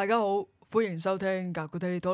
大家好，歡迎收聽《格古聽 a 聊》。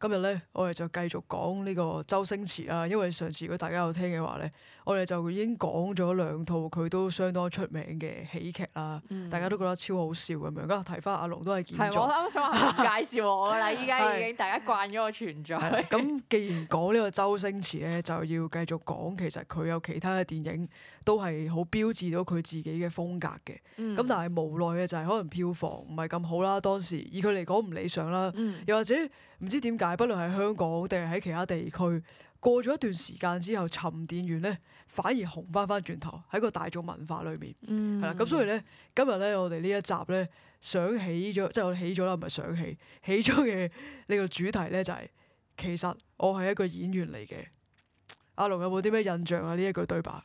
今日咧，我哋就繼續講呢個周星馳啦。因為上次如果大家有聽嘅話咧，我哋就已經講咗兩套佢都相當出名嘅喜劇啦。嗯、大家都覺得超好笑咁樣。啊，提翻阿龍都係健在。我啱想介紹我噶啦，依家 已經大家慣咗我存在。咁 既然講呢個周星馳咧，就要繼續講，其實佢有其他嘅電影。都係好標誌到佢自己嘅風格嘅，咁、嗯、但係無奈嘅就係可能票房唔係咁好啦。當時以佢嚟講唔理想啦，嗯、又或者唔知點解，不論喺香港定係喺其他地區，過咗一段時間之後，沉澱完咧，反而紅翻翻轉頭喺個大眾文化裏面，係啦、嗯。咁所以咧，今日咧我哋呢一集咧想起咗，即係我起咗啦，唔係想起起咗嘅呢個主題咧、就係，就係其實我係一個演員嚟嘅。阿龍有冇啲咩印象啊？呢一句對白？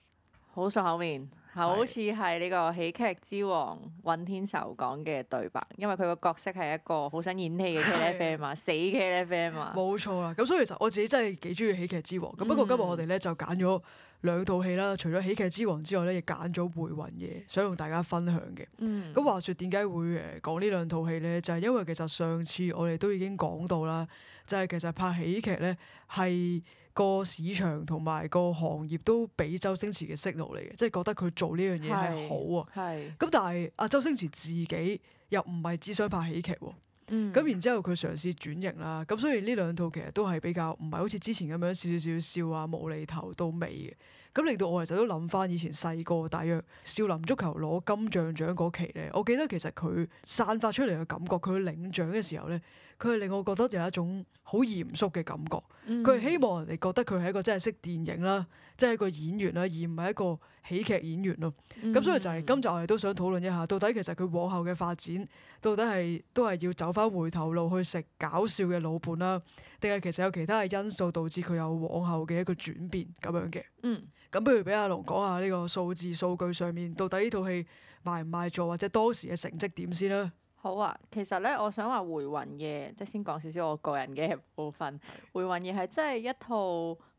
好熟口面，好似係呢個喜劇之王尹天仇講嘅對白，因為佢個角色係一個好想演戲嘅茄喱啡嘛，的死茄喱啡嘛。冇錯啦，咁所以其實我自己真係幾中意喜劇之王。咁不過今日我哋咧就揀咗兩套戲啦，除咗喜劇之王之外咧，亦揀咗回魂夜想同大家分享嘅。咁、嗯、話説點解會誒講呢兩套戲咧？就係、是、因為其實上次我哋都已經講到啦，就係、是、其實拍喜劇咧係。個市場同埋個行業都俾周星馳嘅思路嚟嘅，即係覺得佢做呢樣嘢係好啊。咁但係阿周星馳自己又唔係只想拍喜劇喎。咁、嗯、然之後佢嘗試轉型啦。咁所以呢兩套其實都係比較唔係好似之前咁樣少少少少少笑笑笑啊無厘頭到尾嘅。咁令到我其實都諗翻以前細個大約少林足球攞金像獎嗰期咧，我記得其實佢散發出嚟嘅感覺，佢領獎嘅時候咧，佢係令我覺得有一種好嚴肅嘅感覺。佢希望人哋覺得佢係一個真係識電影啦，即係一個演員啦，而唔係一個喜劇演員咯。咁，嗯，所以就係今集我哋都想討論一下，到底其實佢往後嘅發展，到底係都係要走翻回頭路去食搞笑嘅老本啦，定係其實有其他嘅因素導致佢有往後嘅一個轉變咁樣嘅？嗯，咁不如俾阿龍講下呢個數字數據上面，到底呢套戲賣唔賣座，或者當時嘅成績點先啦？好啊，其實咧，我想話《回魂夜》，即先講少少我個人嘅部分。《 回魂夜》係真係一套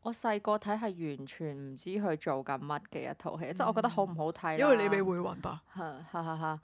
我細個睇，係完全唔知佢做緊乜嘅一套戲，嗯、即我覺得好唔好睇啦。因為你未回魂吧？係！哈哈哈。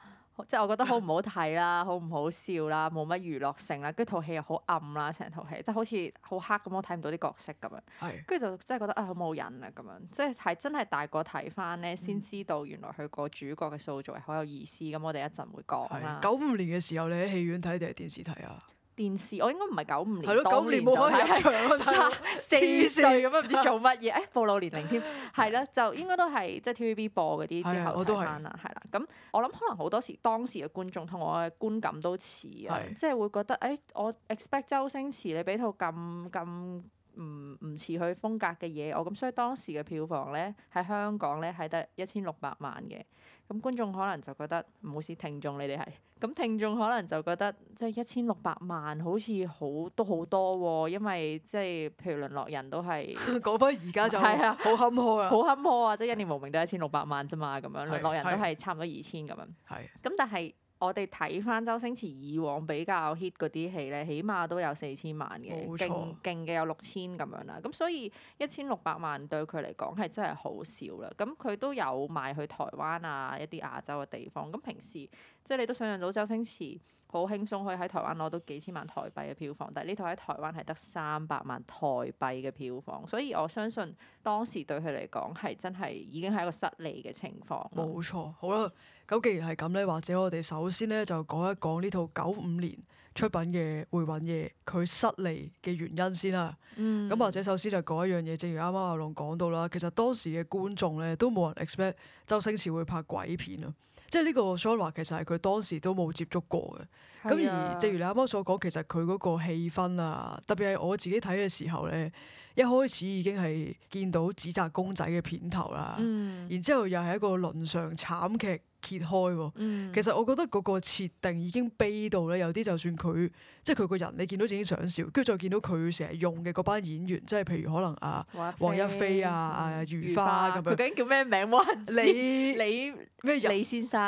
即係我覺得好唔 好睇啦，好唔好笑啦，冇乜娛樂性啦，跟住套戲又好暗啦，成套戲即係好似好黑咁，我睇唔到啲角色咁樣，跟住是 就真係覺得、哎、啊好冇癮啊咁樣，即係係真係大個睇翻咧，嗯、先知道原來佢個主角嘅塑造係好有意思，咁我哋一陣會講啦。九五年嘅時候，你喺戲院睇定係電視睇啊？電視我應該唔係九五年，係咯，九 年冇、就、開、是、 四歲咁樣，唔知做乜嘢，誒、哎，暴露年齡添，係咯， 就應該都係即係、就是、TVB 播嗰啲之後睇翻啦，係啦，咁我諗可能好多時當時嘅觀眾同我嘅觀感都似啊，的即係會覺得誒、哎，我 expect 周星馳你俾套咁咁唔唔似佢風格嘅嘢我，咁所以當時嘅票房咧喺香港咧係得一千六百萬嘅，咁觀眾可能就覺得唔好似聽眾你哋係。咁聽眾可能就覺得即係一千六百萬好似好都好多喎、啊，因為即係、就是、譬如淪落人都係講翻而家就係啊，好坎坷啊，好坎坷啊！即係一年無名都係一千六百萬啫嘛，咁樣、啊、淪落人都係差唔多二千咁樣。係、啊。咁、啊、但係我哋睇翻周星馳以往比較 hit 嗰啲戲咧，起碼都有四千萬嘅，勁勁嘅有六千咁樣啦。咁所以一千六百萬對佢嚟講係真係好少啦。咁佢都有賣去台灣啊，一啲亞洲嘅地方。咁平時。即係你都想象到周星馳好輕鬆可以喺台灣攞到幾千萬台幣嘅票房，但係呢套喺台灣係得三百萬台幣嘅票房，所以我相信當時對佢嚟講係真係已經係一個失利嘅情況。冇錯，好啦，咁既然係咁咧，或者我哋首先咧就講一講呢套九五年出品嘅《回魂夜》佢失利嘅原因先啦。咁、嗯、或者首先就講一樣嘢，正如啱啱阿龍講到啦，其實當時嘅觀眾咧都冇人 expect 周星馳會拍鬼片啊。即係呢個《喪華》，其實係佢當時都冇接觸過嘅。咁是、啊、而正如你啱啱所講，其實佢嗰個氣氛啊，特別係我自己睇嘅時候咧，一開始已經係見到紙紮公仔嘅片頭啦。嗯、然之後又係一個倫常慘劇。揭開喎，其實我覺得嗰個設定已經悲到咧，有啲就算佢即係佢個人，你見到自己想笑，跟住再見到佢成日用嘅嗰班演員，即係譬如可能啊，黃一飛啊，阿如花咁樣，究竟叫咩名？黃你你咩李先生？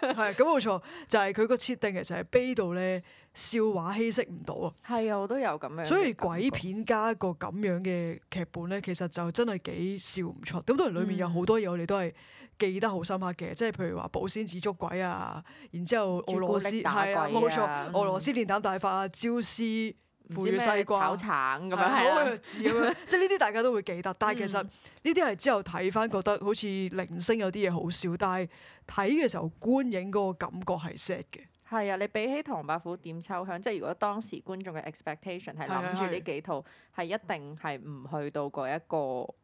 係咁冇錯，就係佢個設定其實係悲到咧，笑話稀釋唔到啊！係啊，我都有咁樣。所以鬼片加個咁樣嘅劇本咧，其實就真係幾笑唔出。咁當然裡面有好多嘢，我哋都係。記得好深刻嘅，即係譬如話保鮮紙捉鬼啊，然之後俄羅斯係冇錯，俄羅斯練膽、啊、大法、啊，啊《朝屍腐乳西瓜炒橙咁樣，好即係呢啲大家都會記得，但係其實呢啲係之後睇翻覺得好似零星有啲嘢好笑，但係睇嘅時候觀影嗰個感覺係 sad 嘅。係啊，你比起唐伯虎點秋香，即係如果當時觀眾嘅 expectation 係諗住呢幾套係、啊啊、一定係唔去到嗰、那、一個，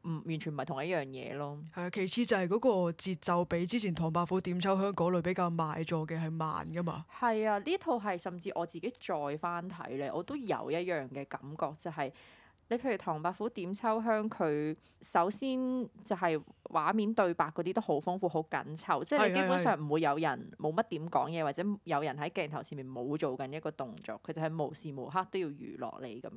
唔完全唔係同一樣嘢咯。係啊，其次就係嗰個節奏比之前唐伯虎點秋香嗰類比較慢咗嘅係慢㗎嘛。係啊，呢套係甚至我自己再翻睇咧，我都有一樣嘅感覺就係、是。你譬如唐伯虎點秋香，佢首先就係畫面對白嗰啲都好豐富，好緊湊，即係你基本上唔會有人冇乜點講嘢，或者有人喺鏡頭前面冇做緊一個動作，佢就係無時無刻都要娛樂你咁樣。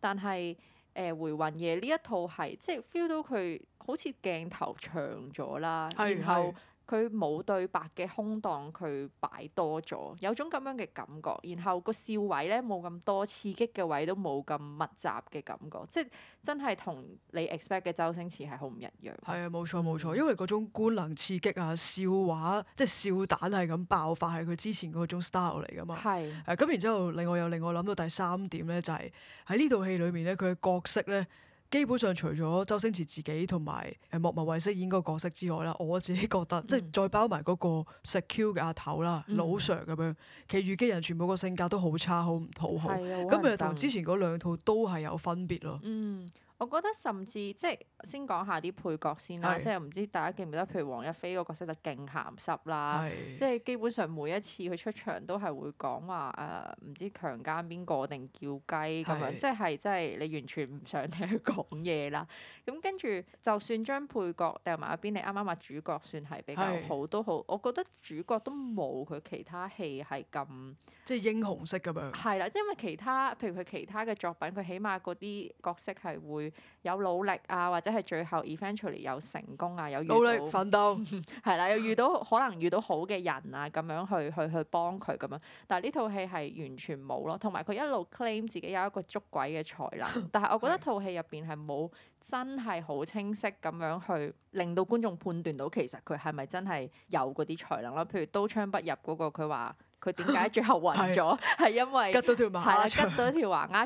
但係誒、呃，回魂夜呢一套係即係 feel 到佢好似鏡頭長咗啦，然後。佢冇對白嘅空檔，佢擺多咗，有種咁樣嘅感覺。然後個笑位咧冇咁多，刺激嘅位都冇咁密集嘅感覺。即係真係同你 expect 嘅周星馳係好唔一樣。係啊，冇錯冇錯，因為嗰種官能刺激啊，笑話即係笑彈係咁爆發，係佢之前嗰種 style 嚟㗎嘛。係。咁、啊、然之後，另外又另外諗到第三點咧，就係喺呢套戲裡面咧，佢嘅角色咧。基本上除咗周星馳自己同埋莫文蔚飾演嗰個角色之外啦，我自己覺得、嗯、即係再包埋嗰個 secure 嘅阿頭啦，嗯、老 Sir 咁樣，其餘嘅人全部個性格都好差，好唔討好。咁其實同之前嗰兩套都係有分別咯。嗯我覺得甚至即係先講下啲配角先啦，是即係唔知大家記唔記得？譬如黃一飛個角色就勁鹹濕啦，是即係基本上每一次佢出場都係會講話誒，唔知強姦邊個定叫雞咁樣是，即係即係你完全唔想聽佢講嘢啦。咁跟住就算將配角掉埋一邊，你啱啱話主角算係比較好是都好，我覺得主角都冇佢其他戲係咁即係英雄式咁樣。係啦，即係因為其他譬如佢其他嘅作品，佢起碼嗰啲角色係會。有努力啊，或者係最後 eventually 有成功啊，有遇到努力奮鬥係啦， 有遇到可能遇到好嘅人啊，咁樣去去去幫佢咁樣。但係呢套戲係完全冇咯，同埋佢一路 claim 自己有一個捉鬼嘅才能， 但係我覺得套戲入邊，係冇真係好清晰咁樣去令到觀眾判斷到其實佢係咪真係有嗰啲才能咯？譬如刀槍不入嗰個，佢話。佢點解最後暈咗？係 因為，係啊，吉到條橫鴨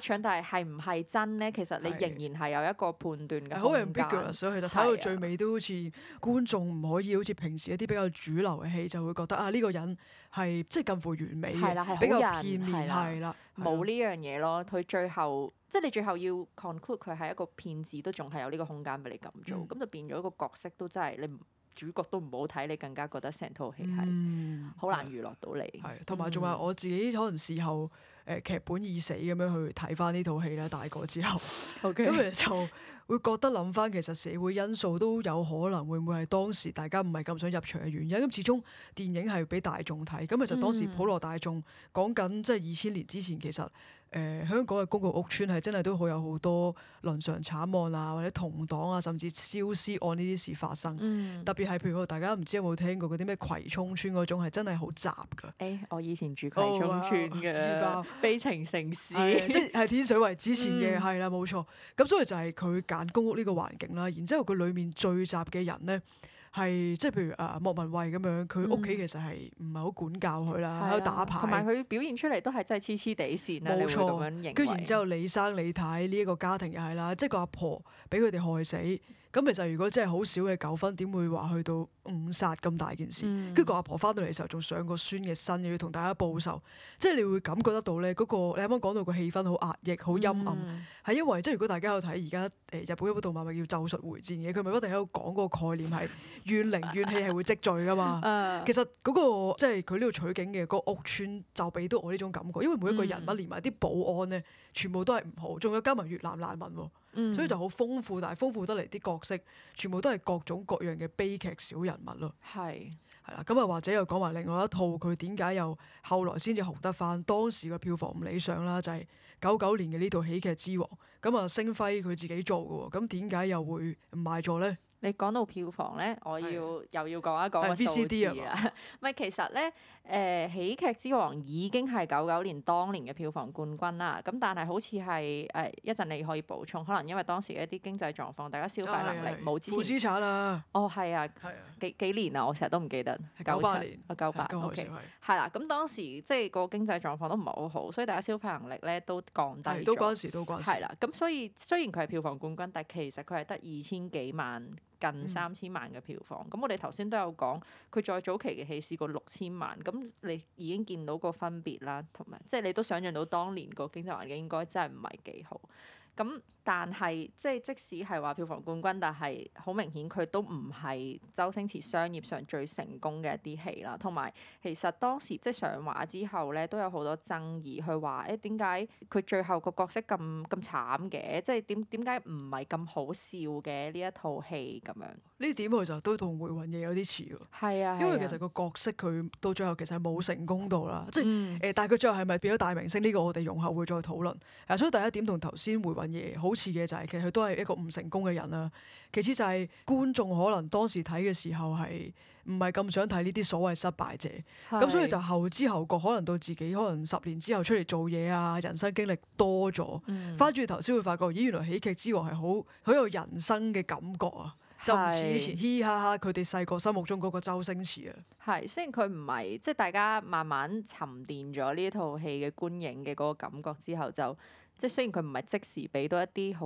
腸， 但係係唔係真咧？其實你仍然係有一個判斷嘅空間。好微妙啊！所以其實睇到最尾都好似觀眾唔可以好似的平時一啲比較主流嘅戲就會覺得啊呢、呢個人係即係近乎完美嘅，比較片面，係啦的，冇呢樣嘢咯。佢最後即係你最後要 conclude 佢係一個騙子，都仲係有呢個空間俾你咁做。咁、嗯、就變咗一個角色都真係你唔。主角都唔好睇，你更加覺得成套戲係好難娛樂到你。係、嗯，同埋仲話我自己可能事後誒、呃、劇本已死咁樣去睇翻呢套戲啦。大個之後，咁咪就會覺得諗翻其實社會因素都有可能會唔會係當時大家唔係咁想入場嘅原因。咁始終電影係俾大眾睇，咁其實當時普羅大眾講緊即係二千年之前其實。嗯誒、呃、香港嘅公共屋，屋邨係真係都好有好多倫常慘案啊，或者同黨啊，甚至燒屍案呢啲事發生。嗯、特別係譬如大家唔知有冇聽過嗰啲咩葵涌村嗰種係真係好雜嘅、欸。我以前住葵涌村嘅啦，哦、悲情城市，即係、 就是、天水圍之前嘅係啦，冇、嗯、錯。咁所以就係佢揀公屋呢個環境啦，然之後佢裡面聚集嘅人咧。係即係譬如啊莫文蔚咁樣，佢屋企其實係唔係好管教佢啦，喺度、嗯、打牌，同埋佢表現出嚟都係真係黐黐地線啊，冇錯，你會咁樣認為？跟住然之後李生李太呢一、這個家庭又係啦，即係個阿婆俾佢哋害死。咁其實如果真係好少嘅糾紛，點會話去到誤殺咁大件事？跟住個阿婆翻到嚟嘅時候，仲上個孫嘅身，要同大家報仇，即係你會感覺得到咧嗰、那個。你啱啱講到個氣氛好壓抑、好陰暗，係、嗯、因為即係如果大家有睇而家誒日本有部動漫咪叫《咒術回戰》嘅，佢咪一定喺度講嗰個概念係怨靈怨氣係會積聚噶嘛。啊啊、其實嗰、那個即係佢呢度取景嘅、那個屋村就俾到我呢種感覺，因為每一個人物連埋啲保安咧，全部都係唔好，仲要加埋越南難民喎。嗯、所以就好豐富，但係豐富得嚟啲角色，全部都係各種各樣嘅悲劇小人物咯。係係啦，咁啊或者又講埋另外一套，佢點解又後來先至紅得翻？當時嘅票房唔理想啦，就係九九年嘅呢套喜劇之王。咁啊，星輝佢自己做喎，咁點解又會唔賣座咧？你講到票房咧，我要又要講一講個數字啊！唔係，其實咧，誒喜劇之王已經係九九年當年嘅票房冠軍啦。咁但係好似係誒一陣你可以補充，可能因為當時嘅一啲經濟狀況，大家消費能力冇之前。負資產啦。哦，係啊，係啊，幾幾年啊？我成日都唔記得。九八年啊，九八。九八年。係啦，咁當時即係個經濟狀況都唔係好好，所以大家消費能力咧都降低咗。都嗰都關。係啦，咁所以雖然佢係票房冠軍，但其實佢係得二千幾萬。近三千萬嘅票房，咁、嗯、我哋頭先都有講，佢再早期嘅戲試過六千萬，咁你已經見到個分別啦，同埋即係你都想象到當年個經濟環境應該真係唔係幾好。咁但係即即使係話票房冠軍，但係好明顯佢都唔係周星馳商業上最成功嘅一啲戲啦。同埋其實當時即上畫之後咧，都有好多爭議，佢話誒，點解佢最後個角色咁咁慘嘅？即係點點解唔係咁好笑嘅呢一套戲咁樣？呢點其實都同回魂夜有啲似喎，啊、因為其實個角色佢到最後其實係冇成功到啦，嗯、即係誒、呃，但係佢最後係咪變咗大明星呢？這個我哋容後會再討論。啊。所以第一點同頭先回魂夜好似嘅就係其實佢都係一個唔成功嘅人啦，啊。其次就係觀眾可能當時睇嘅時候係唔係咁想睇呢啲所謂失敗者，咁是所以就後知後覺可能到自己可能十年之後出嚟做嘢啊，人生經歷多咗，翻轉頭先會發覺，咦，原來喜劇之王係好好有人生嘅感覺啊！就似嘻嘻哈哈佢哋細個心目中嗰個周星馳啊，係，雖然佢唔係，即係大家慢慢沉澱咗呢套戲嘅觀影嘅嗰個感覺之後，就即係雖然佢唔係即時俾到一啲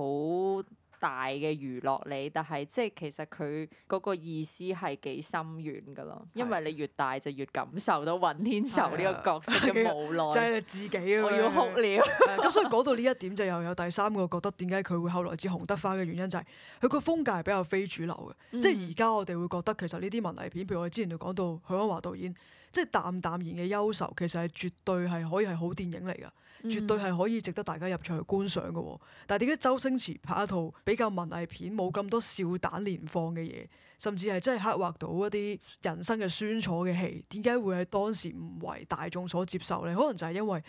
好大嘅娛樂你，但係即係其實佢嗰個意思係幾深遠㗎囉，的因為你越大就越感受到尹天仇呢個角色嘅無奈，就係、是、自己我要哭了。咁 所以講到呢一點，就又有第三個覺得點解佢會後來至紅得翻嘅原因就係佢個風格係比較非主流嘅，嗯、即係而家我哋會覺得其實呢啲文藝片，譬如我哋之前就講到許鞍華導演，即、就、係、是、淡淡然嘅憂愁，其實係絕對係可以係好電影嚟㗎。絕對係可以值得大家入場去觀賞㗎喎，但係點解周星馳拍一套比較文藝片，冇咁多笑彈連放嘅嘢，甚至係真係刻畫到一啲人生嘅酸楚嘅戲，點解會喺當時唔為大眾所接受咧？可能就係因為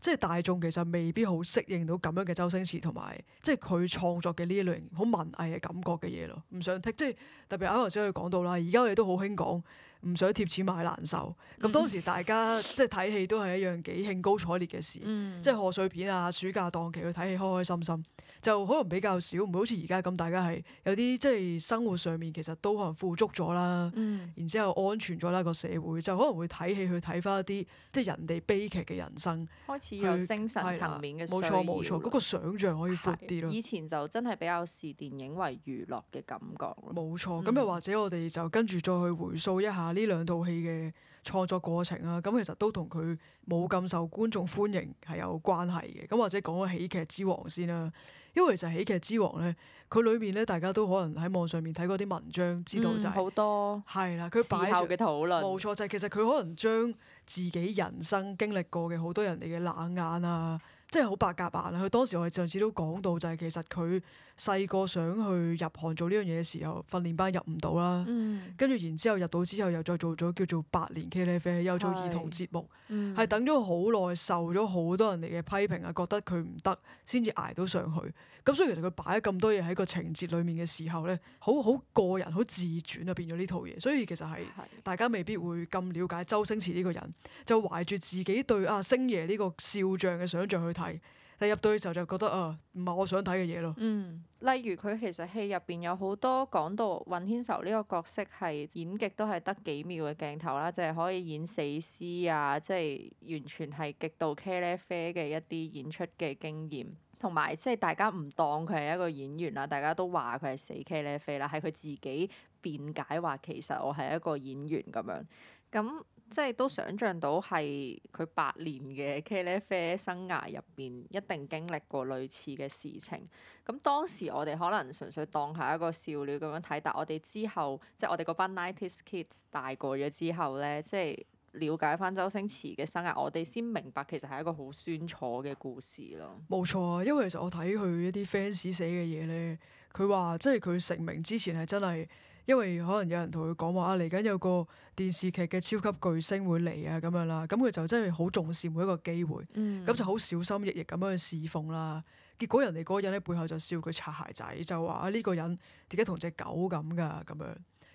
即係、就是、大眾其實未必好適應到咁樣嘅周星馳同埋即係佢創作嘅呢類型好文藝嘅感覺嘅嘢咯，唔想剔，即、就、係、是、特別啱頭先佢講到啦，而家我哋都好興講。唔想貼錢買難受，咁當時大家、嗯、即係睇戲都係一樣幾興高采烈嘅事，嗯、即係賀歲片啊、暑假檔期啊去睇戲開開心心。就可能比較少，唔會好似而家咁，大家係有啲即係生活上面其實都可能富足咗啦，嗯、然之後安全咗啦個社會，就可能會睇戲去睇翻一啲即係人哋悲劇嘅人生，開始有精神層面嘅冇錯冇錯，嗰個想像可以闊啲咯。以前就真係比較視電影為娛樂嘅感覺。冇錯，咁又、嗯、或者我哋就跟住再去回溯一下呢兩套戲嘅創作過程啊。咁、嗯、其實都同佢冇咁受觀眾歡迎係有關係嘅。咁或者講個喜劇之王先啦。因為其實喜劇之王呢，佢裏面呢，大家都可能喺網上面睇過啲文章，知道就係、是、好、嗯、多係啦，佢擺後嘅討論，冇錯就係、是、其實佢可能將自己人生經歷過嘅好多人哋嘅冷眼啊。即係好白鴿眼啦。佢當時我哋上次都講到，就係其實佢細個想去入行做呢樣嘢嘅時候，訓練班入唔到啦。嗯、跟住然之後入到之後，又再做咗叫做八年茄喱啡又做兒童節目，係、嗯、等咗好耐，受咗好多人哋嘅批評啊，嗯、覺得佢唔得，先至捱到上去。咁所以其實佢擺咗咁多嘢，喺個情節裏面嘅時候咧，好好個人好自傳啊，變咗呢套嘢。所以其實係的大家未必會咁了解周星馳呢個人，就懷住自己對阿星爺呢個笑匠嘅想象去睇，但入到去時候就覺得啊，唔、呃、係我想睇嘅嘢咯。嗯，例如佢其實戲入邊有好多講到尹天仇呢個角色係演極都係得幾秒嘅鏡頭啦，就係、是、可以演死屍啊，即、就、係、是、完全係極度茄喱啡嘅一啲演出嘅經驗。同埋即係大家唔當佢係一個演員啦，大家都話佢係死茄 y 啡 i 啦，係佢自己辯解話其實我係一個演員咁樣。咁即係都想像到係佢八年嘅茄 y 啡生涯入邊一定經歷過類似嘅事情。咁當時我哋可能純粹當下一個笑料咁樣睇，但係我哋之後即係我哋嗰班9 e s kids 大個咗之後咧，即係。了解翻周星馳嘅生涯，我哋先明白其實係一個好酸楚嘅故事咯。冇錯啊，因為其實我睇佢一啲 fans 寫嘅嘢咧，佢話即係佢成名之前係真係，因為可能有人同佢講話啊，嚟緊有個電視劇嘅超級巨星會嚟啊咁樣啦，咁佢就真係好重視每一個機會，咁、嗯、就好小心翼翼咁樣去侍奉啦。結果人哋嗰個人咧背後就笑佢擦鞋仔，就話啊呢、呢個人點解同隻狗咁噶咁樣。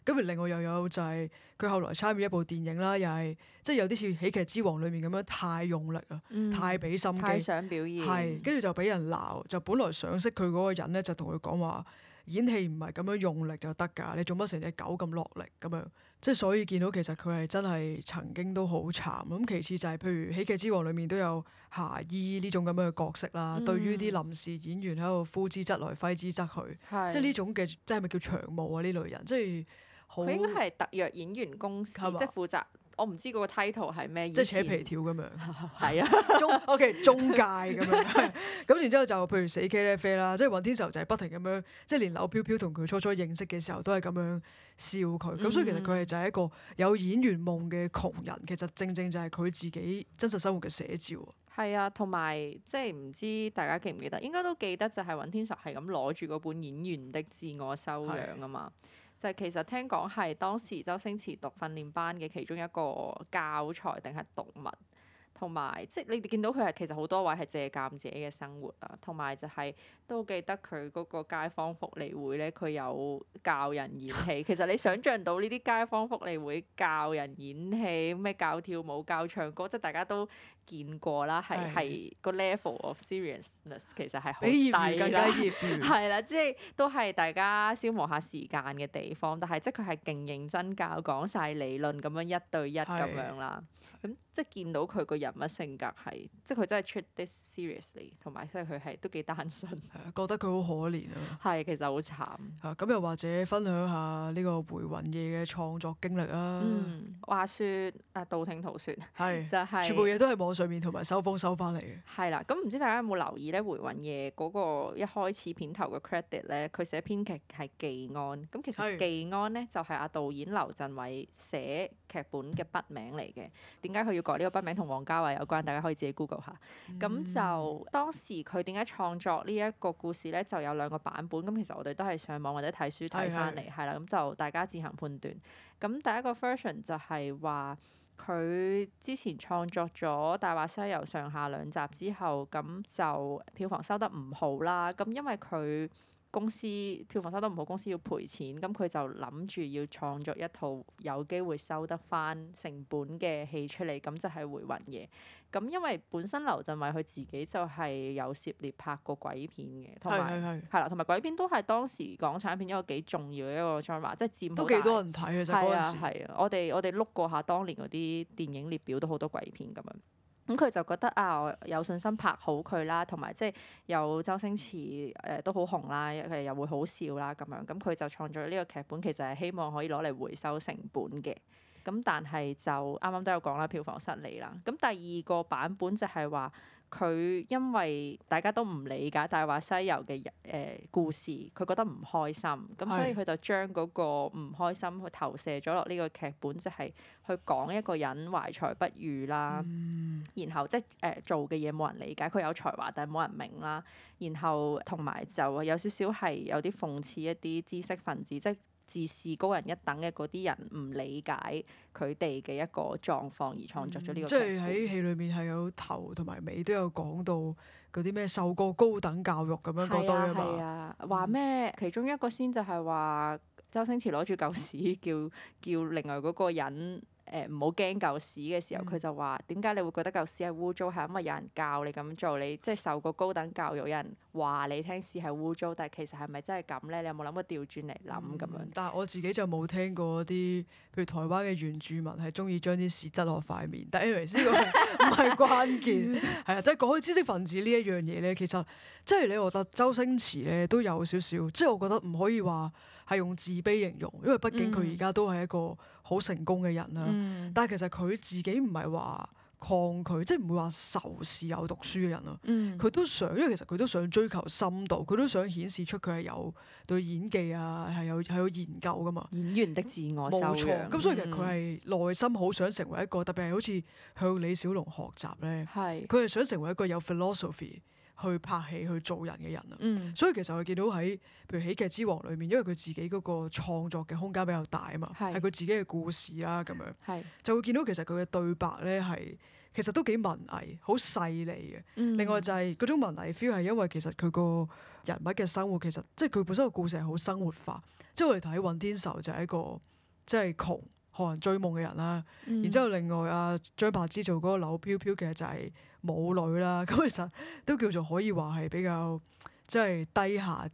咁而另外又有就係佢後來參與一部電影啦，又係即係有啲似《喜劇之王》裏面咁樣太用力啊，嗯、太俾心機，太想表演，係跟住就俾人鬧。就本來想識佢嗰個人咧，就同佢講話演戲唔係咁樣用力就得㗎，你做乜成隻狗咁落力咁樣？即係所以見到其實佢係真係曾經都好慘。咁其次就係譬如《喜劇之王》裏面都有夏依呢種咁樣嘅角色啦，嗯、對於啲臨時演員喺度呼之則來揮之則去，是即係呢種嘅即係咪叫長毛啊？呢類人即係。佢應該係特約演員公司，吧即係負責。我唔知嗰個 title 係咩意思，即係扯皮條咁樣。係啊 中，中 OK 中介咁樣。咁 然之後就譬如死茄喱啡啦，即係尹天仇就係不停咁樣，即係連柳飄飄同佢初初認識嘅時候都係咁樣笑佢。咁、嗯、所以其實佢係就係一個有演員夢嘅窮人。嗯、其實正正就係佢自己真實生活嘅寫照。係啊，同埋即係唔知大家記唔記得，應該都記得就係尹天仇係咁攞住嗰本《演員的自我修養》啊嘛。就係，其實聽講係當時周星馳讀訓練班嘅其中一個教材定係讀物。同埋，即係你哋見到佢係其實好多位係借鑒自己嘅生活啊，同埋就係、是、都記得佢嗰個街坊福利會咧，佢有教人演戲。 其實你想像到呢啲街坊福利會教人演戲，咩教跳舞、教唱歌，即係大家都見過啦。係係的的個 level of seriousness 其實係比業餘更加業餘係啦，即係都係大家消磨下時間嘅地方。但係即係佢係勁認真教，講晒理論咁樣一對一咁樣啦。咁即係見到佢個人物性格係，即係佢真係 treat this seriously，s 同埋即係佢係都幾單純，覺得佢好可憐啊。係，其實好慘。咁、啊、又或者分享下呢個回魂夜嘅創作經歷啊。嗯，話說啊，道聽途說係，是就是、全部嘢都喺網上面同埋收風收翻嚟嘅。係啦，咁唔知大家有冇留意咧？回魂夜嗰個一開始片頭嘅 credit 咧，佢寫編劇係技安，咁其實技安咧就係、是、阿、啊、導演劉鎮偉寫劇本嘅筆名嚟嘅。點？點解佢要改呢個筆名同王家衛有關？大家可以自己 Google 下。咁、嗯、就當時佢點解創作呢一個故事呢？就有兩個版本。咁其實我哋都係上網或者睇書睇翻嚟，係啦是。咁就大家自行判斷。咁第一個 version 就係話佢之前創作咗《大話西遊》上下兩集之後，咁就票房收得唔好啦。咁因為佢公司票房收得唔好，公司要賠錢，咁佢就諗住要創作一套有機會收得翻成本嘅戲出嚟，咁就係回魂夜嘅。咁因為本身劉鎮偉佢自己就係有涉獵拍過鬼片嘅，同埋係啦，同埋是鬼片都係當時港產片一個幾重要嘅一個 genre，即係字幕都幾多人睇嘅。係、就、啊、是，係啊，我哋我哋碌過下當年嗰啲電影列表都好多鬼片咁樣。咁佢就覺得啊，我有信心拍好佢啦，同埋即係有周星馳誒都好紅啦，佢又會好笑啦咁樣，咁佢就創作呢個劇本，其實係希望可以攞嚟回收成本嘅。咁但係就啱啱都有講啦，票房失利啦。咁第二個版本就係話。佢因為大家都唔理解大話西遊嘅人誒故事，佢覺得唔開心，咁所以佢就將嗰個唔開心去投射咗落呢個劇本，即係去講一個人懷才不遇啦，嗯、然後即係呃做嘅嘢冇人理解，佢有才華但係冇人明啦，然後同埋就有少少係有啲諷刺一啲知識分子，即係自視高人一等嘅嗰啲人唔理解佢哋嘅一個狀況而創作咗呢個劇本、嗯、即係喺戲裏面係有頭同埋尾都有講到嗰啲咩受過高等教育咁樣覺得嘅嘛。話咩、嗯？啊啊嗯、其中一個先就係話周星馳攞住嚿屎叫叫另外嗰個人。誒唔好驚嚿屎嘅時候，佢就話點解你會覺得嚿屎係污糟？係因為有人教你咁做，你即係受過高等教育，有人話你聽屎係污糟，但係其實係咪真係咁咧？你有冇諗過調轉嚟諗咁樣？但係我自己就冇聽過一啲，譬如台灣嘅原住民係中意將啲屎質落塊面。但 anyway，呢個唔係關鍵，係啊，即係講起知識分子呢一樣嘢咧，其實即係你覺得周星馳咧都有少少，即係我覺得唔可以話。係用自卑形容，因為畢竟佢而家都係一個好成功嘅人啦。嗯、但係其實佢自己唔係話抗拒，即係唔會話仇視有讀書嘅人咯。佢、嗯、都想，因為其實佢都想追求深度，佢都想顯示出佢係有對演技啊，係有係有研究噶嘛。演員的自我修養。冇錯，咁、嗯、所以其實佢係內心好想成為一個，特別係好似向李小龍學習咧。佢係係想成為一個有 philosophy，去拍戲去做人嘅人啦，嗯、所以其實我見到喺譬如喜劇之王裏面，因為佢自己嗰個創作嘅空間比較大啊嘛，係佢是自己嘅故事啦咁樣，是就會見到其實佢嘅對白咧係其實都幾文藝，好細膩嘅。嗯、另外就係、是、嗰種文藝 feel 係因為其實佢個人物嘅生活其實即係佢本身個故事係好生活化，即係我哋睇《尹天仇》就係、是、一個即係窮。學人追夢嘅人啦，嗯、然之後另外啊張柏芝做嗰個柳飄飄，其實就係舞女啦，咁 其實都叫做可以話係比較即係、就是、低下啲，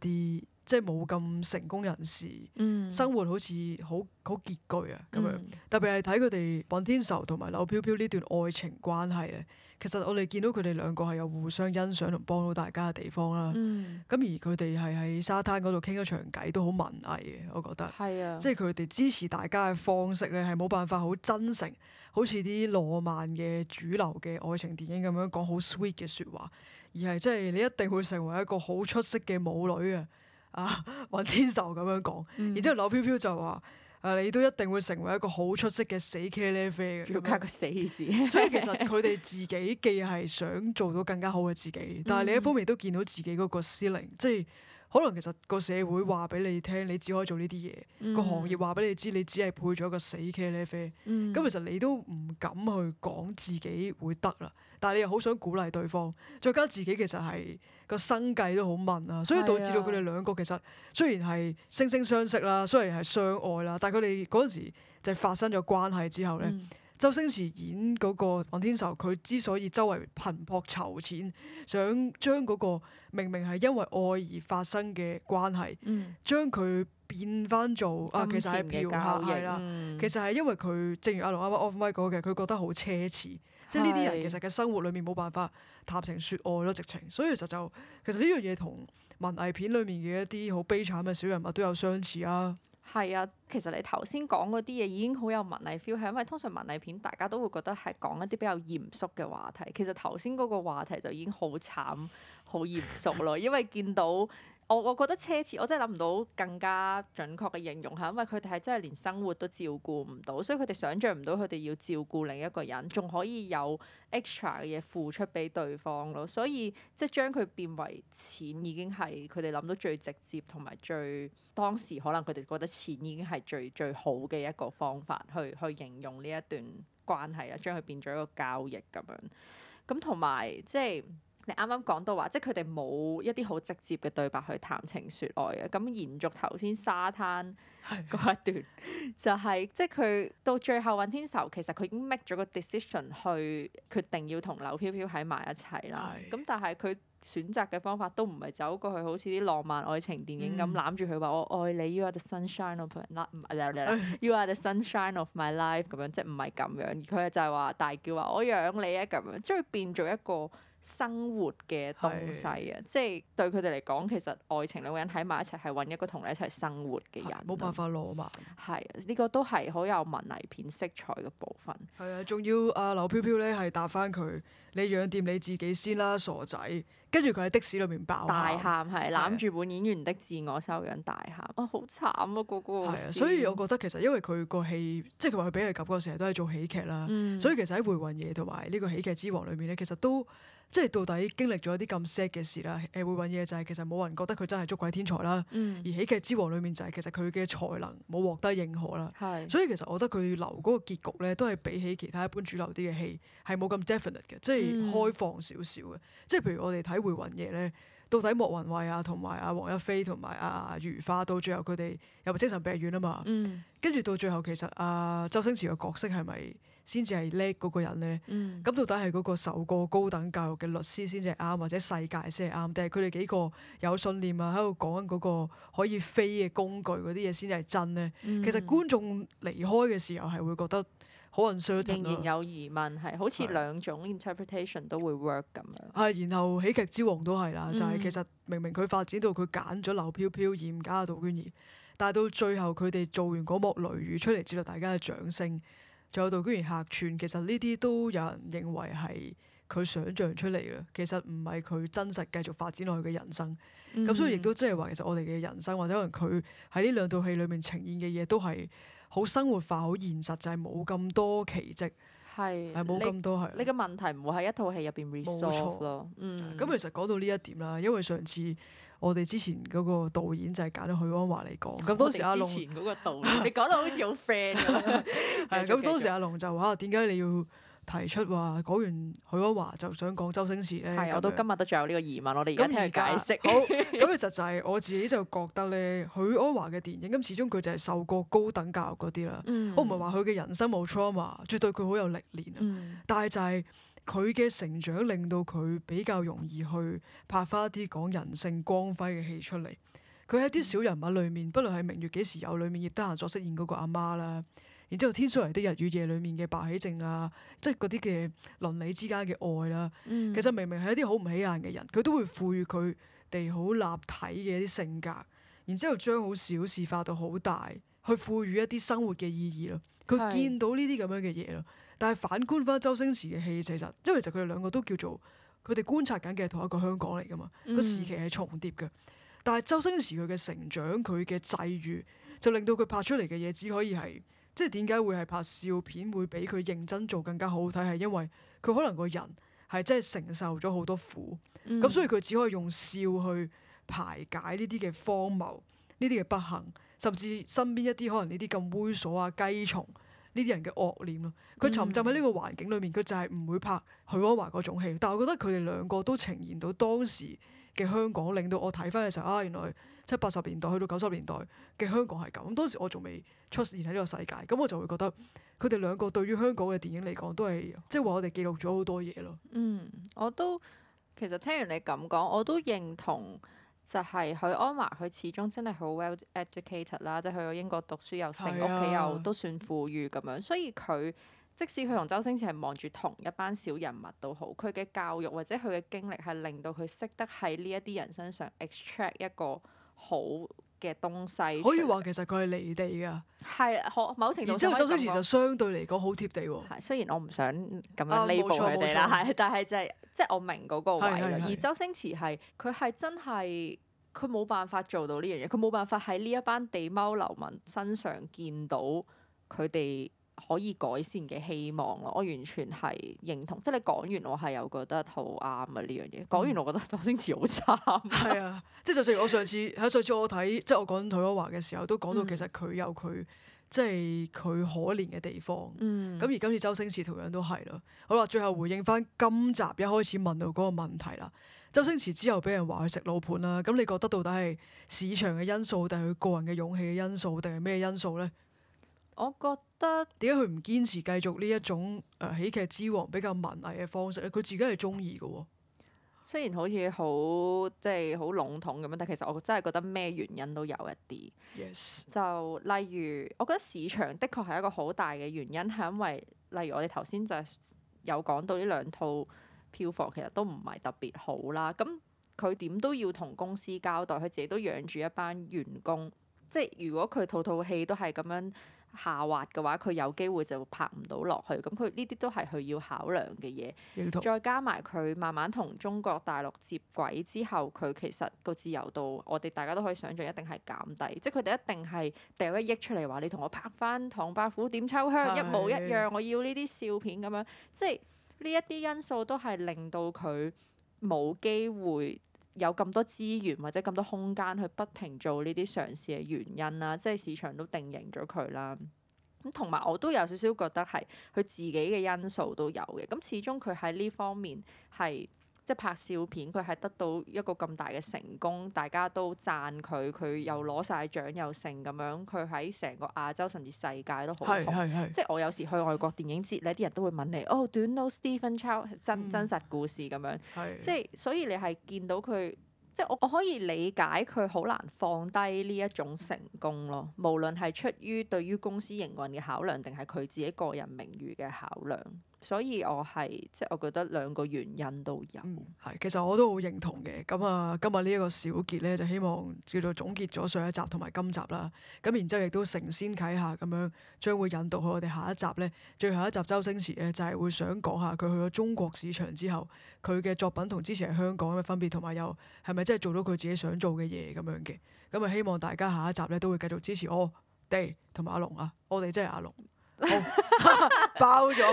即係冇咁成功人士，嗯、生活好似好好拮據啊咁樣，特別係睇佢哋尹天仇同埋柳飄飄呢段愛情關係咧。其實我哋見到佢哋兩個係有互相欣賞同幫到大家嘅地方啦。咁、嗯、而佢哋係喺沙灘嗰度傾咗場偈都好文藝嘅，我覺得。啊、即係佢哋支持大家嘅方式咧，係冇辦法好真誠，好似啲浪漫嘅主流嘅愛情電影咁樣講好 sweet 嘅説話，而係即係你一定會成為一個好出色嘅舞女啊！啊，尹天仇咁樣講，然之後柳飄飄就話。啊！你都一定會成為一個好出色嘅死茄喱啡，嘅樣，要加個死字。所以其實佢哋自己既係想做到更加好嘅自己， 但係另一方面都見到自己嗰個司令、嗯，即係可能其實個社會話俾你聽，你只可以做呢啲嘢；嗯、個行業話俾你知，你只係配咗一個死茄喱啡。i 咁、嗯、其實你都唔敢去講自己會得啦。但係你又好想鼓勵對方，再加自己其實係個生計都好問啊，所以導致到佢哋兩個其實雖然係惺惺相惜啦，雖然係相愛啦，但係佢哋嗰陣時就發生咗關係之後咧。嗯周星馳演嗰、那個尹天仇，佢之所以周圍頻撲籌錢，想將嗰、那個明明係因為愛而發生嘅關係，嗯、將佢變翻做啊，啊，其實係嫖客嚟啦。其實係因為佢，嗯、正如阿龍啱啱 off mic 講嘅，佢覺得好奢侈，是即係呢啲人其實嘅生活裡面冇辦法談情説愛咯，直情。所以其實就其實呢樣嘢同文藝片裡面嘅一啲好悲慘嘅小人物都有相似啊。係啊，其實你頭先講嗰啲嘢已經好有文藝 feel，係因為通常文藝片大家都會覺得係講一啲比較嚴肅嘅話題，其實頭先嗰個話題就已經好慘、好嚴肅咯，因為見到。我我覺得奢侈，我真係諗唔到更加準確嘅形容吓，因為佢哋係真係連生活都照顧唔到，所以佢哋想像唔到佢哋要照顧另一個人，仲可以有 extra 嘅嘢付出俾對方咯。所以即係、就是、將佢變為錢，已經係佢哋諗到最直接同埋最當時可能佢哋覺得錢已經係最最好嘅一個方法去去形容呢一段關係啊，將佢變咗一個交易咁樣。咁同埋即係。就是你啱啱講到話，即係佢哋冇一啲好直接嘅對白去談情説愛嘅。咁延續頭先沙灘嗰一段，對對對就係、是、即係佢到最後尹天仇其實佢已經 make 咗個 decision 去決定要同柳飄飄喺埋一齊啦。咁對但係佢選擇嘅方法都唔係走過去，好似啲浪漫愛情電影咁攬住佢話我愛你，You are the sunshine of my life，You are the sunshine of my life 咁樣，即係唔係咁樣。佢就係話大叫話我養你啊咁樣，即係變做一個。生活嘅東西啊，是即係對佢哋嚟講，其實愛情兩個人喺埋一齊，係揾一個同你一齊生活嘅人。冇辦法攔。係，呢、這個都係好有文藝片色彩嘅部分。係啊，仲要啊，柳飄飄咧係答返佢：你養掂你自己先啦，傻仔！跟住佢喺的士裏面爆大喊，係攬住本演員的自我修養大喊：我好、啊啊、慘啊！嗰、那個係啊，所以我覺得其實因為佢個戲，即係佢話俾佢感覺成日都係做喜劇啦，嗯、所以其實喺《回魂夜》同埋呢個喜劇之王裏面咧，其實都。即係到底經歷咗啲咁 sad 嘅事啦，誒、呃、回魂夜就係其實冇人覺得佢真係捉鬼天才啦，嗯、而喜劇之王裡面就係其實佢嘅才能冇獲得認可啦，是所以其實我覺得佢留嗰個結局咧都係比起其他一般主流啲嘅戲係冇咁 definite 嘅，即係開放少少嘅。嗯、即係譬如我哋睇《回魂夜》咧，到底莫文蔚啊同埋阿黃一飛、同埋阿如花、啊、到最後佢哋又入精神病院啊嘛，跟住、嗯、到最後其實啊周星馳個角色係咪？先至係叻嗰個人咧，咁、嗯、到底係嗰個受過高等教育嘅律師先至啱，或者世界先係啱，定係佢哋幾個有信念啊喺度講緊嗰個可以飛嘅工具嗰啲嘢先至係真咧？嗯、其實觀眾離開嘅時候係會覺得好 uncertain 咯仍然有疑問，係好似兩種 interpretation 是都會 work 咁樣。係，然後喜劇之王都係啦，嗯、就係其實明明佢發展到佢揀咗柳飄飄而唔揀杜娟兒，但係到最後佢哋做完嗰幕雷雨出嚟，接受大家嘅掌聲。仲有度居然客串，其實呢啲都有人認為係佢想像出嚟啦。其實唔係佢真實繼續發展落去嘅人生。咁、mm hmm. 所以亦都即係話，其實我哋嘅人生或者可能佢喺呢兩套戲裡面呈現嘅嘢都係好生活化、好現實，就係冇咁多奇蹟。係冇咁多係。你嘅是問題唔會喺一套戲入邊 resolve 咯錯。咁、嗯、其實講到呢一點啦，因為上次。我哋之前嗰個導演就係揀咗許鞍華嚟講，咁當時阿龍，前嗰個導演， 你講到好似好 friend 咁。係 對，咁續當時阿龍就話：點解你要提出話講完許鞍華就想講周星馳咧？係對，樣我到今日都仲有呢個疑問。我哋而家聽佢解釋。好，咁 其實就係我自己就覺得咧，許鞍華嘅電影咁，始終佢就係受過高等教育嗰啲啦。嗯。我唔係話佢嘅人生冇 trauma，絕對佢好有歷練啊。嗯。但係就係、是。佢嘅成長令到佢比較容易去拍翻一啲講人性光輝嘅戲出嚟。佢喺啲小人物裏面，不論係《明月幾時有》裏面葉德嫻所飾演嗰個阿媽啦，然之後《天水圍的日與夜》裏面嘅鮑起靜啊，即係嗰啲嘅倫理之間嘅愛啦，嗯、其實明明係一啲好唔起眼嘅人，佢都會賦予佢哋好立體嘅一啲性格，然之後將好小事化到好大，去賦予一啲生活嘅意義咯。佢見到呢啲咁樣嘅嘢咯。但係反觀返周星馳嘅戲，其實，因為其實佢哋兩個都叫做佢哋觀察緊嘅係同一個香港嚟㗎嘛，個、嗯、時期係重疊嘅。但係周星馳佢嘅成長，佢嘅際遇，就令到佢拍出嚟嘅嘢只可以係即係點解會係拍笑片會比佢認真做更加好睇？係因為佢可能個人係真係承受咗好多苦，咁、嗯、所以佢只可以用笑去排解呢啲嘅荒謬、呢啲嘅不幸，甚至身邊一啲可能呢啲咁猥瑣啊、雞蟲。呢啲人嘅惡念咯，佢沉浸喺呢個環境裏面，佢就係唔會拍許鞍華嗰種戲。但係我覺得佢哋兩個都呈現到當時嘅香港，令到我睇返嘅時候啊，原來七八十年代去到九十年代嘅香港係咁。當時我仲未出現喺呢個世界，咁我就會覺得佢哋兩個對於香港嘅電影嚟講都係即係話我哋記錄咗好多嘢咯。嗯，我都其實聽完你咁講，我都認同。就係佢安華，佢始終真係好 well educated 啦，即係去到英國讀書又成，屋企又都算富裕咁樣，是啊、所以佢即使佢同周星馳係望住同一班小人物都好，佢嘅教育或者佢嘅經歷係令到佢識得喺呢一啲人身上 extract 一個好嘅東西。可以話其實佢係離地㗎。係，可某程度上。然之後，周星馳就相對嚟講好貼地喎、哦。雖然我唔想咁樣 label 佢哋啦，但係就係、是。即係我明嗰個位啦，是是是，而周星馳係佢係真係佢冇辦法做到呢樣嘢，佢冇辦法喺呢一班地踎流民身上見到佢哋可以改善嘅希望咯。我完全係認同，即係你講完我係有覺得好啱啊呢樣嘢。講、嗯、完我覺得周星馳好慘，係啊，即係就正如我上次喺上次我睇，即係我講緊許鞍華嘅時候，都講到其實佢有佢。嗯即係佢可憐嘅地方，咁、嗯、而今次周星馳同樣都係咯。好啦，最後回應返今集一開始問到嗰個問題啦。周星馳之後俾人話佢食老盤啦，咁你覺得到底係市場嘅因素，定係佢個人嘅勇氣嘅因素，定係咩因素咧？我覺得點解佢唔堅持繼續呢一種誒、呃、喜劇之王比較文藝嘅方式咧？佢自己係中意嘅喎。雖然好似好即係好籠統咁樣，但其實我真係覺得咩原因都有一啲。Yes. 就例如，我覺得市場的確係一個好大嘅原因，係因為例如我哋頭先就有講到呢兩套票房其實都唔係特別好啦。咁佢點都要同公司交代，佢自己都養住一班員工。即係如果佢套套戲都係咁樣下滑嘅話，佢有機會就拍唔到落去。咁佢呢啲都係佢要考量嘅嘢。 再加埋佢慢慢同中國大陸接軌之後，佢其實個自由度，我哋大家都可以想象，一定係減低。即係佢哋一定係掉一億出嚟話，你同我拍翻《唐伯虎點秋香》一模一樣，我要呢啲笑片咁樣。即係呢一啲因素都係令到佢冇機會。有咁多資源或者咁多空間去不停做呢啲嘗試嘅原因啦，即係市場都定型咗佢啦。咁同埋我都有少少覺得係佢自己嘅因素都有嘅。咁始終佢喺呢方面係。即係拍笑片，佢係得到一個咁大嘅成功，大家都讚佢，佢又攞晒獎又勝咁樣，佢喺成個亞洲甚至世界都好紅。即係我有時去外國電影節呢啲人都會問你：哦、do you know，《Dune、嗯》Stephen Chow 真真實故事咁樣？是即係所以你係見到佢，即係我我可以理解佢好難放低呢一種成功咯。無論係出於對於公司營運嘅考量，定係佢自己個人名譽嘅考量。所以我係即、就是、我覺得兩個原因都有。係、嗯，其實我都好認同嘅。咁啊，今日呢一個小結咧，就希望叫做總結咗上一集同埋今集啦。咁然之後亦都承先啟下咁樣，將會引導去我哋下一集咧，最後一集周星馳咧，就係、是、會想講下佢去咗中國市場之後，佢嘅作品同之前喺香港嘅分別，同埋有係咪真係做到佢自己想做嘅嘢咁樣嘅。咁啊，希望大家下一集咧都會繼續支持我哋同埋阿龍啊，我哋真係阿龍。包咗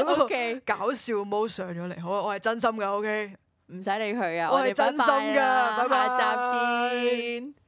o 搞笑冇上咗嚟，好啊，我係真心噶，OK，唔使理佢啊，我係真心噶，心拜拜，阿 j